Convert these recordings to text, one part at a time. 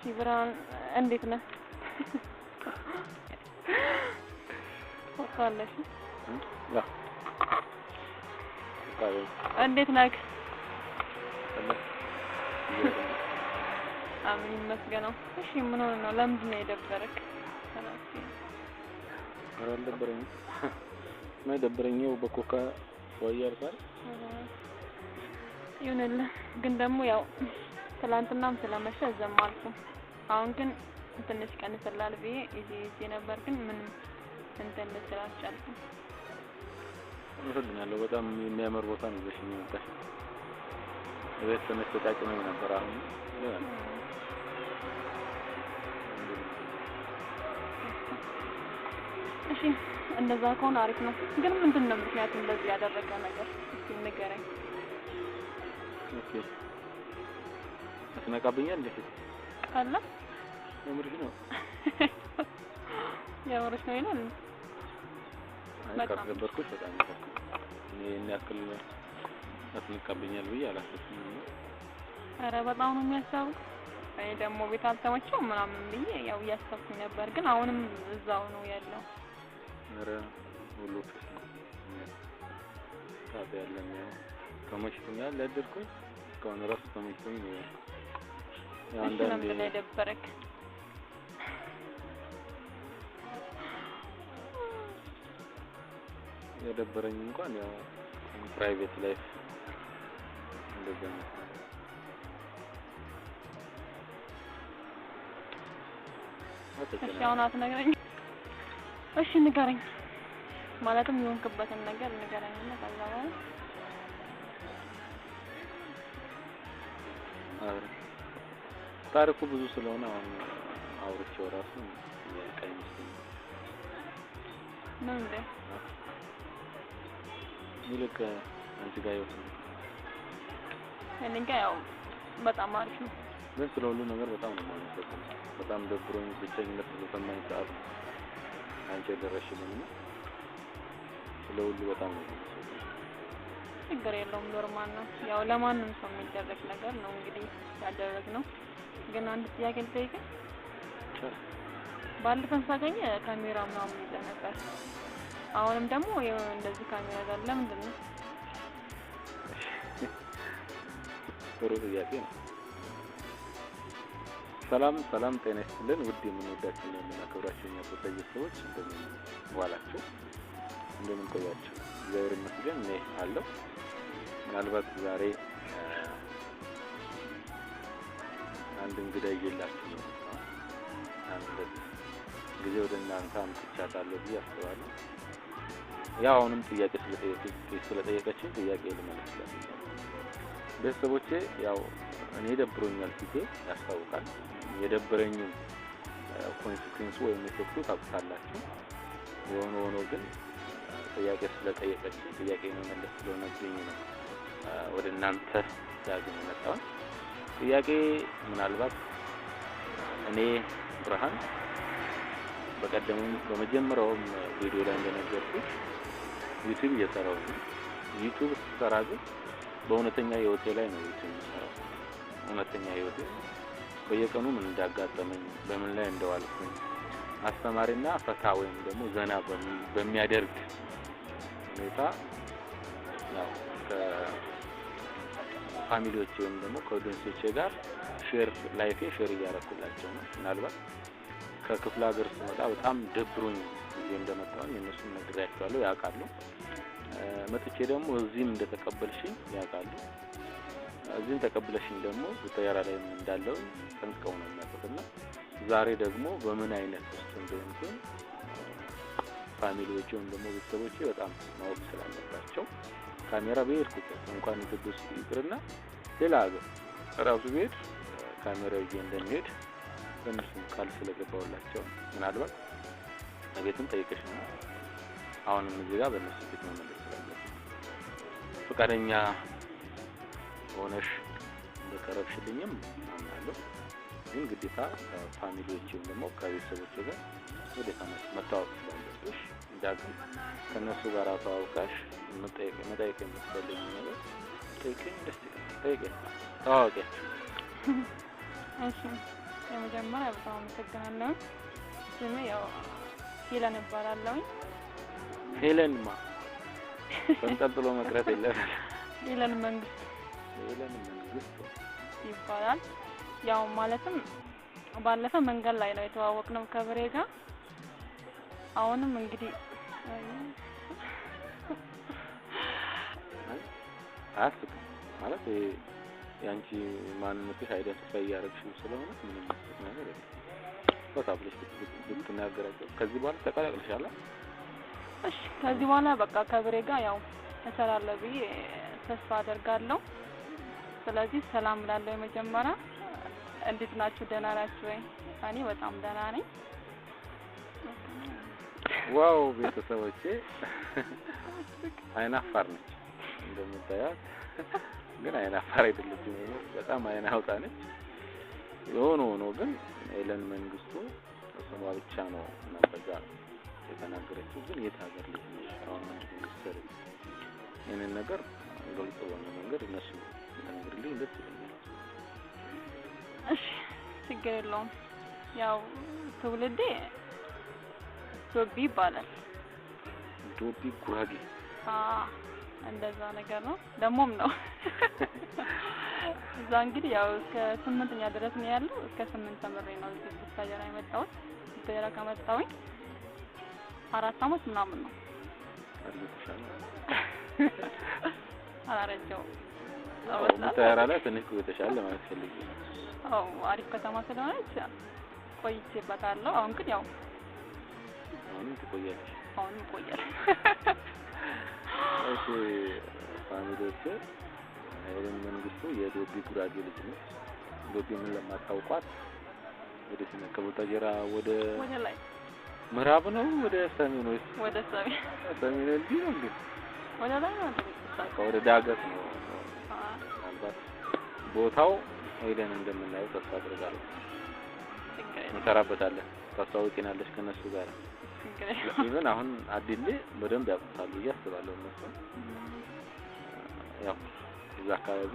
እሺ ብርሃን እንዴት ነህ? ወጣለሽ? እንዴት ነህ? አሜን ይመስገን። እሺ ምን ሆነ ነው? ለምንድን ነው የደበረክ? ኧረ አልደበረኝም። ምን ደበረኝ? ይኸው በኮካ ወያርሳል ይሁንልህ። ግን ደግሞ ያው ትላንትናም ስለመሸ እዛም አልኩ። አሁን ግን ትንሽ ቀን ስላል ብዬ ይዤ ይዤ ነበር፣ ግን ምንም እንትን ልስል አልቻልኩም። አመሰግናለሁ። በጣም የሚያምር ቦታ ነው ይዘሽ የመጣሽ። እቤት ትንሽ ተጫጭመኝ ነበር። አሁን እሺ፣ እንደዛ ከሆነ አሪፍ ነው። ግን ምንድን ነው ምክንያቱም እንደዚህ ያደረገ ነገር እስኪ ንገረኝ። ኦኬ ትነቃብኛል እንዴ? ቃላ የምርሽ ነው የምርሽ ነው ይላል። ካስገበርኩት በጣም ይፈርኩ እኔ ያክል አትነቃብኛል ብዬ አላሰብኩም። አረ በጣም ነው የሚያሳብቅ። እኔ ደግሞ ቤት አልተመቸውም ምናምን ብዬ ያው እያሰብኩኝ ነበር፣ ግን አሁንም እዛው ነው ያለው። አረ ሁሉ ታዲያ ያለም ያው ተመችቶኛል ያደርኩኝ እስካሁን እራሱ ተመችቶኝ ነው ያለው አንዳንዴ የደበረኝ እንኳን ያው ፕራይቬት ላይፍ እንደዛ ነው። እሺ አሁን አትነግረኝ? እሺ ንገረኝ። ማለትም የሆንክበትን ነገር ንገረኝ እና ከዛ በኋላ ታሪኩ ብዙ ስለሆነ አሁን አውርቼው ራሱ የሚያልቅ ነው እንዴ? ይልቅ አንቺ ጋር ይወት ነው። ያው በጣም አሪፍ ነው፣ ግን ስለ ሁሉ ነገር በጣም ነው ማለት በጣም ደብሮኝ ብቸኝነት በተሰማኝ ሰዓት አንቺ የደረሽልኝ ነው። ስለ ሁሉ በጣም ነው ችግር የለውም። ኖርማል ነው። ያው ለማንም ሰው የሚደረግ ነገር ነው እንግዲህ ያደረግ ነው። ግን አንድ ጥያቄ ልጠይቅ። ባለፈን ሳገኘ ካሜራ ምናምን ይዘህ ነበር። አሁንም ደግሞ እንደዚህ ካሜራ ጋር ለምንድን ነው? ጥሩ ጥያቄ ነው። ሰላም ሰላም፣ ጤና ይስጥልን ውድ የምንወዳችሁ እና የምናከብራችሁ የኛ ፕሮፌሰር ሰዎች እንደምን ዋላችሁ? እንደምን ቆያችሁ? እግዚአብሔር ይመስገን እኔ አለሁ። ምናልባት ዛሬ አንድ እንግዳ እየላችሁ ነው። አንድ ጊዜ ወደ እናንተ አምጥቻታለሁ ብዬ አስባለሁ። ያው አሁንም ጥያቄ ስለጠየቀችን ጥያቄ ልመለስላት። ቤተሰቦቼ ያው እኔ ደብሮኛል ጊዜ ያስታውቃል። የደበረኝም ኮንሲኩንሱ ወይም ኢፌክቱ ታውቁታላችሁ። የሆነ ሆኖ ግን ጥያቄ ስለጠየቀች ጥያቄ መመለስ ስለሆነብኝ ነው ወደ እናንተ ዳግም የመጣሁት። ጥያቄ ምናልባት እኔ ብርሃን በቀደሙም በመጀመሪያውም ቪዲዮ ላይ እንደነገርኩት ዩቲዩብ እየሰራው ነው። ዩቲዩብ ስሰራ ግን በእውነተኛ ህይወቴ ላይ ነው ዩቲዩብ የምሰራው። እውነተኛ ህይወቴ በየቀኑ ምን እንዳጋጠመኝ፣ በምን ላይ እንደዋልኩኝ አስተማሪና ፈታ ወይም ደግሞ ዘና በሚያደርግ ሁኔታ ያው ከፋሚሊዎች ወይም ደግሞ ከወደንሶቼ ጋር ሼር ላይፌ ሼር እያረኩላቸው ነው። ምናልባት ከክፍለ ሀገር ስመጣ በጣም ደብሩኝ ጊዜ እንደመጣሁኝ የእነሱም ነግሬያቸዋለሁ፣ ያውቃሉ። መጥቼ ደግሞ እዚህም እንደተቀበልሽኝ ያውቃሉ። እዚህም ተቀብለሽኝ ደግሞ ተያራ ላይ እንዳለው ጠንቅቀው ነው የሚያውቁትና ዛሬ ደግሞ በምን አይነት ውስጥ እንደሆንኩኝ ፋሚሊዎች ወይም ደግሞ ቤተሰቦቼ በጣም ማወቅ ስላለባቸው ካሜራ በሄድኩበት እንኳን ኢትዮጵያ ውስጥ ይቅርና ሌላ ሀገር ራሱ ብሄድ ካሜራ ይዤ እንደሚሄድ በእነሱም ቃል ስለገባውላቸው ምናልባት ቤትም ጠይቀሽ ነው አሁንም እዚህ ጋር በእነሱ ቤት መመለስ ስላለብሽ ፈቃደኛ ሆነሽ እንደቀረብሽልኝም አምናለሁ። ግን ግዴታ ፋሚሊዎች ወይም ደግሞ ከቤተሰቦች ጋር ወደ መታወቅ ስላለብሽ እንዳግን ከእነሱ ጋር ተዋውቃሽ መጠየቅ የምትፈልጊው ነገር ጠይቀኝ። ደስ ይለኛል። ጠይቀኝ፣ ተዋወቂያችሁ። እሺ፣ የመጀመሪያ በጣም አመሰግናለሁ። ስሜ ያው ሄለን እባላለሁኝ። ሄለንማ ተንጠልጥሎ መቅረት የለም። ሄለን መንግስት፣ ሄለን መንግስት ይባላል። ያው ማለትም ባለፈ መንገድ ላይ ነው የተዋወቅነው ከብሬ ጋር አሁንም እንግዲህ አያስቅም ማለት የአንቺ ማንነትሽ አይደንቲፋይ እያደረግሽም ስለሆነ ምንም ነገር የለም። በቃ ብለሽ ብትናገራቸው ከዚህ በኋላ ተቀላቅልሻል። እሺ ከዚህ በኋላ በቃ ከብሬ ጋር ያው እሰራለሁ ብዬ ተስፋ አደርጋለሁ። ስለዚህ ሰላም ላለው የመጀመሪያ እንዴት ናችሁ? ደህና ናችሁ ወይ? እኔ በጣም ደህና ነኝ። ዋው ቤተሰቦቼ አይናፋር ነች። እንደምታያት ግን አይናፋር አይደለችም። በጣም አይናውጣ ነች። የሆነ ሆኖ ግን ኤለን መንግስቱ ስሟ ብቻ ነው ነበዛ የተናገረችው። ግን የት ሀገር ልጅ ነሽ? አሁን ምንድን ነው የምትሰሪው? ይህንን ነገር ገልጽ በሆነ መንገድ እነሱ ተነግርልኝ ደስ ይለኛል። እሺ፣ ችግር የለውም። ያው ትውልዴ ዶቢ ይባላል። ዶቢ ጉራጌ እንደዛ ነገር ነው። ደግሞም ነው እዛ እንግዲህ ያው እስከ ስምንተኛ ድረስ ነው ያለው። እስከ ስምንት ተምሬ ነው እዚህ ብታጀራ የመጣሁት። ብታጀራ ከመጣሁኝ አራት አመት ምናምን ነው። አላረጀውም። ብታጀራ ላይ ትንሽ ቆይተሻል ማለት ፈልጌ ነው። አሪፍ ከተማ ስለሆነች ቆይቼበታለሁ። አሁን ግን ያው አሁንም ትቆያለሽ፣ አሁንም ቆያለሽ እሺ ፋሚሊዎቹ ሀይልን መንግስቱ የዶቢ ጉራጌ ልጅ ነች። ዶቢ ምን ለማታውቋት ወዴት ነው? ከቡታጀራ ወደ ምዕራብ ነው ወደ ሰሜን ወይስ ወደ ሰሜን? ሰሜን እንጂ ነው እንዴ? ወደ ላይ ነው ወደ ዳገት ነው። ምናልባት ቦታው ሄደን እንደምናየው ተስፋ አድርጋለሁ። እንሰራበታለን። ታስተዋውቂናለሽ ከነሱ ጋር ኢቨን አሁን አዲሌ በደንብ ያውቁታል ብዬ አስባለሁ። እነሱ ያው እዛ አካባቢ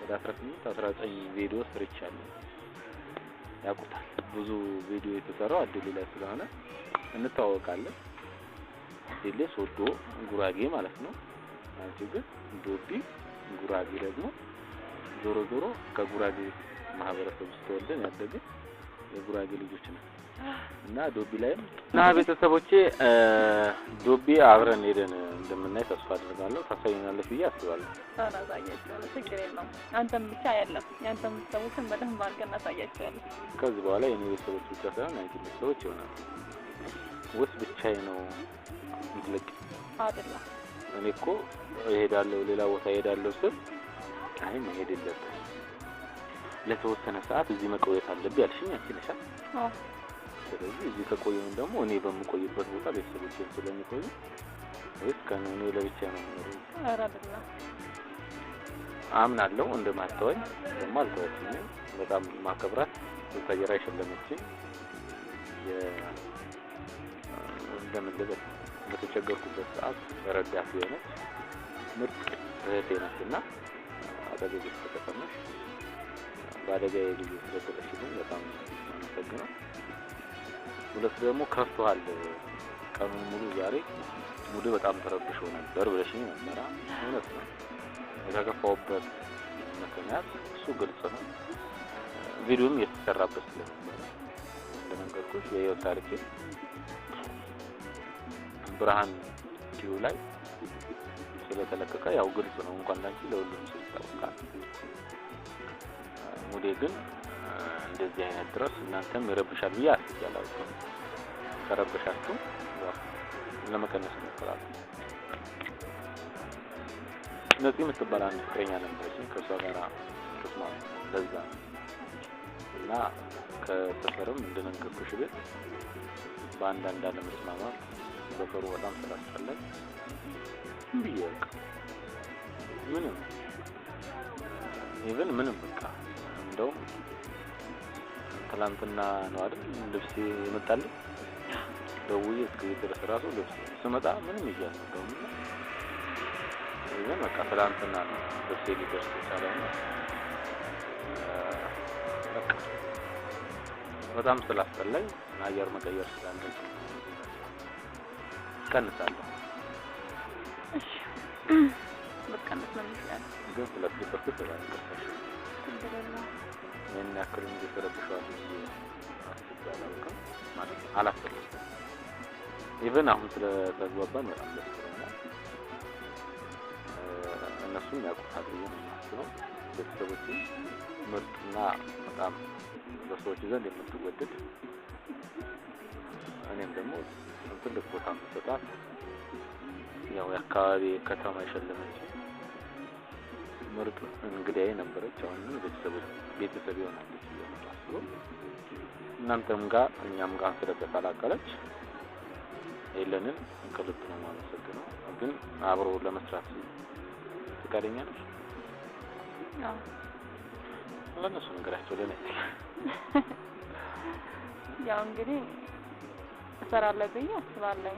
ወደ አስራ ስምንት አስራ ዘጠኝ ቪዲዮ ስርቻለሁ ያውቁታል። ብዙ ቪዲዮ የተሰራው አዲሌ ላይ ስለሆነ እንተዋወቃለን። አዲሌ ሶዶ ጉራጌ ማለት ነው። አንቺ ግን ዶቢ ጉራጌ ደግሞ ዞሮ ዞሮ ከጉራጌ ማህበረሰብ ውስጥ ተወልደን ያደግን የጉራጌ ልጆች ነን እና ዶቢ ላይም እና ቤተሰቦቼ ዶቢ አብረን ሄደን እንደምናይ ተስፋ አድርጋለሁ። ታሳይናለች ብዬ አስባለሁ። እናሳያቸዋለሁ፣ ችግር የለውም። አንተም ብቻ አይደለም የአንተም ቤተሰቦችን በደንብ አድርገን እናሳያቸዋለን። ከዚህ በኋላ የኔ ቤተሰቦች ብቻ ሳይሆን አንቺ ቤተሰቦች ይሆናሉ። ወስ ብቻዬ ነው ምትለቅ አይደለም። እኔ እኮ እሄዳለሁ፣ ሌላ ቦታ እሄዳለሁ ስል አይ መሄድ የለብህ ለተወሰነ ሰዓት እዚህ መቆየት አለብኝ አልሽኝ አልችልሻል። ስለዚህ እዚህ ከቆየን ደግሞ እኔ በምቆይበት ቦታ ቤተሰቦች ስለሚቆዩ ወይስ ከነ እኔ ለብቻ ነው ምኖሩ? አምናለሁ እንደማትተወኝ ደግሞ አልተወችኝም። በጣም ማከብራት ወታደራ የሸለመችኝ እንደምንገበት በተቸገርኩበት ሰዓት ረዳት የሆነች ምርጥ እህቴ ናት እና አጠገቤ ተቀመጥሽ በአደጋ የልዩ ስለቆጠ ሲሉኝ በጣም አመሰግነው። ሁለት ደግሞ ከፍቷል ቀኑን ሙሉ ዛሬ ሙሉ በጣም ተረብሾ ነበር ብለሽኝ መመራ እውነት ነው። የተከፋውበት ምክንያት እሱ ግልጽ ነው። ቪዲዮም እየተሰራበት ስለነበረ እንደነገርኩሽ የህይወት ታሪኬ ብርሃን ዲዩ ላይ ስለተለቀቀ ያው ግልጽ ነው። እንኳን ላንቺ ለሁሉም ሰው ይታወቃል። በመኖሬ ግን እንደዚህ አይነት ድረስ እናንተም ይረብሻል ብዬ አስያለሁ። ከረብሻችሁ ለመቀነስ ይሞክራሉ። እነዚህ የምትባል አንድ ፍቅረኛ ነበረችኝ። ከእሷ ጋር ክስማ ለዛ እና ከሰፈርም እንደነገርኩሽ ቤት በአንድ አንድ አለመስማማት ሰፈሩ በጣም ስላስጠላኝ ብዬ በቃ ምንም ኢቨን ምንም በቃ እንደውም ትላንትና ነው አይደል ልብስ የመጣልኝ። ደውዬ እስከ ድረስ ራሱ ልብስ ስመጣ ምንም ይያዝ ነው ግን በቃ ትላንትና ነው ልብስ ሊደርስ የቻለው። በቃ በጣም ስላስጠላኝ አየር መቀየር ስላለኝ ቀንሳለሁ። እሺ በቃ መስመር ይችላል ግን ስለዚህ ይህን ያክል እንግዲህ ተረብሸዋል አላውቅም። ማለት አላስፈለግም። ኢቨን አሁን ስለተግባባን በጣም ደስ ብሎኛል። እነሱም ያውቁታል ብዬ ነው የማስበው። ቤተሰቦች ምርጥና በጣም በሰዎች ዘንድ የምትወደድ እኔም ደግሞ ትልቅ ቦታ የምትሰጣት ያው የአካባቢ ከተማ የሸለመች ምርጥ እንግዳዬ ነበረች። አሁንም ቤተሰብ የሆናለች እያስበው እናንተም ጋር እኛም ጋር ስለተቀላቀለች የለንን እንቅልት ነው ማመሰግነው። ግን አብሮ ለመስራት ፈቃደኛ ነች። ለእነሱ ነገራቸው ለእኔ ያው እንግዲህ እሰራለሁ ብዬ አስባለሁ።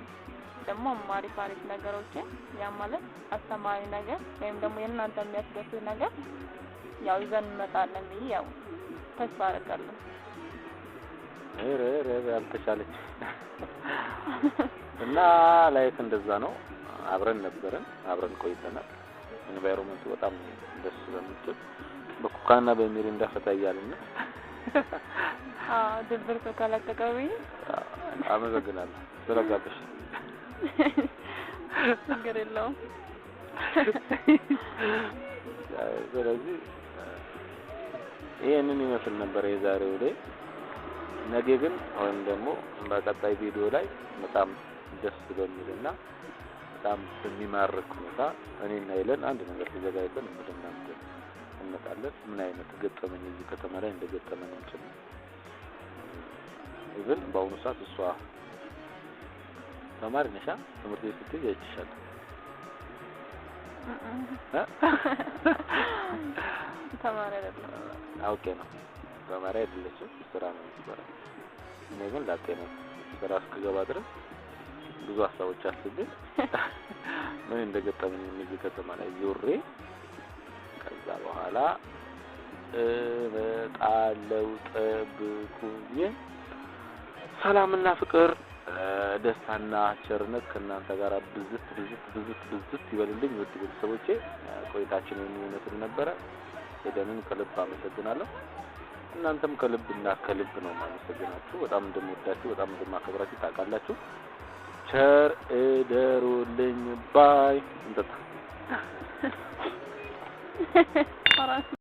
ደግሞ አሪፍ አሪፍ ነገሮችን ያ ማለት አስተማሪ ነገር ወይም ደግሞ የእናንተ የሚያስደስት ነገር ያው ይዘን እንመጣለን ብዬ ያው ተስፋ አደርጋለሁ። ኧረ ኧረ አልተቻለች እና ላይፍ እንደዛ ነው። አብረን ነበረን፣ አብረን ቆይተናል። ኢንቫይሮመንቱ በጣም ደስ በምትል በኮካና በሚሪንዳ እንዳፈታ እያልን ነው። ድብርቱ ከለቀቀብኝ አመሰግናለሁ ስለጋበሽ። ችግር የለውም። ስለዚህ ይህንን ይመስል ነበር የዛሬው ላይ። ነገ ግን ወይም ደግሞ በቀጣይ ቪዲዮ ላይ በጣም ደስ በሚልና በጣም በሚማርክ ሁኔታ እኔና ይለን አንድ ነገር ተዘጋጅተን ወደ እናንተ እንመጣለን። ምን አይነት ገጠመኝ እዚህ ከተማ ላይ እንደገጠመን ጭምር ኢቭን በአሁኑ ሰዓት እሷ ተማሪ ነሻ ትምህርት ቤት ስትይ አይቼሻለሁ። ተማሪ አይደለም አውቄ ነው። ተማሪ አይደለችም፣ ስራ ነው የምትሰራው። እኔ ግን ላጤ ነው። ስራ እስክገባ ድረስ ብዙ ሀሳቦች አስቤ ምን እንደገጠመኝ እዚህ ከተማ ላይ ዙሬ ከዛ በኋላ ጠብቁ ጠብቁኝ። ሰላምና ፍቅር ደስታና ቸርነት ከእናንተ ጋር ብዝት ብዝት ብዝት ብዝት ይበልልኝ። ውድ ቤተሰቦቼ ቆይታችን የሚሆነትን ነበረ። ሄደንን ከልብ አመሰግናለሁ። እናንተም ከልብ እና ከልብ ነው ማመሰግናችሁ። በጣም እንደምወዳችሁ፣ በጣም እንደማከብራችሁ ታውቃላችሁ። ቸር እደሩልኝ ባይ እንጠጣ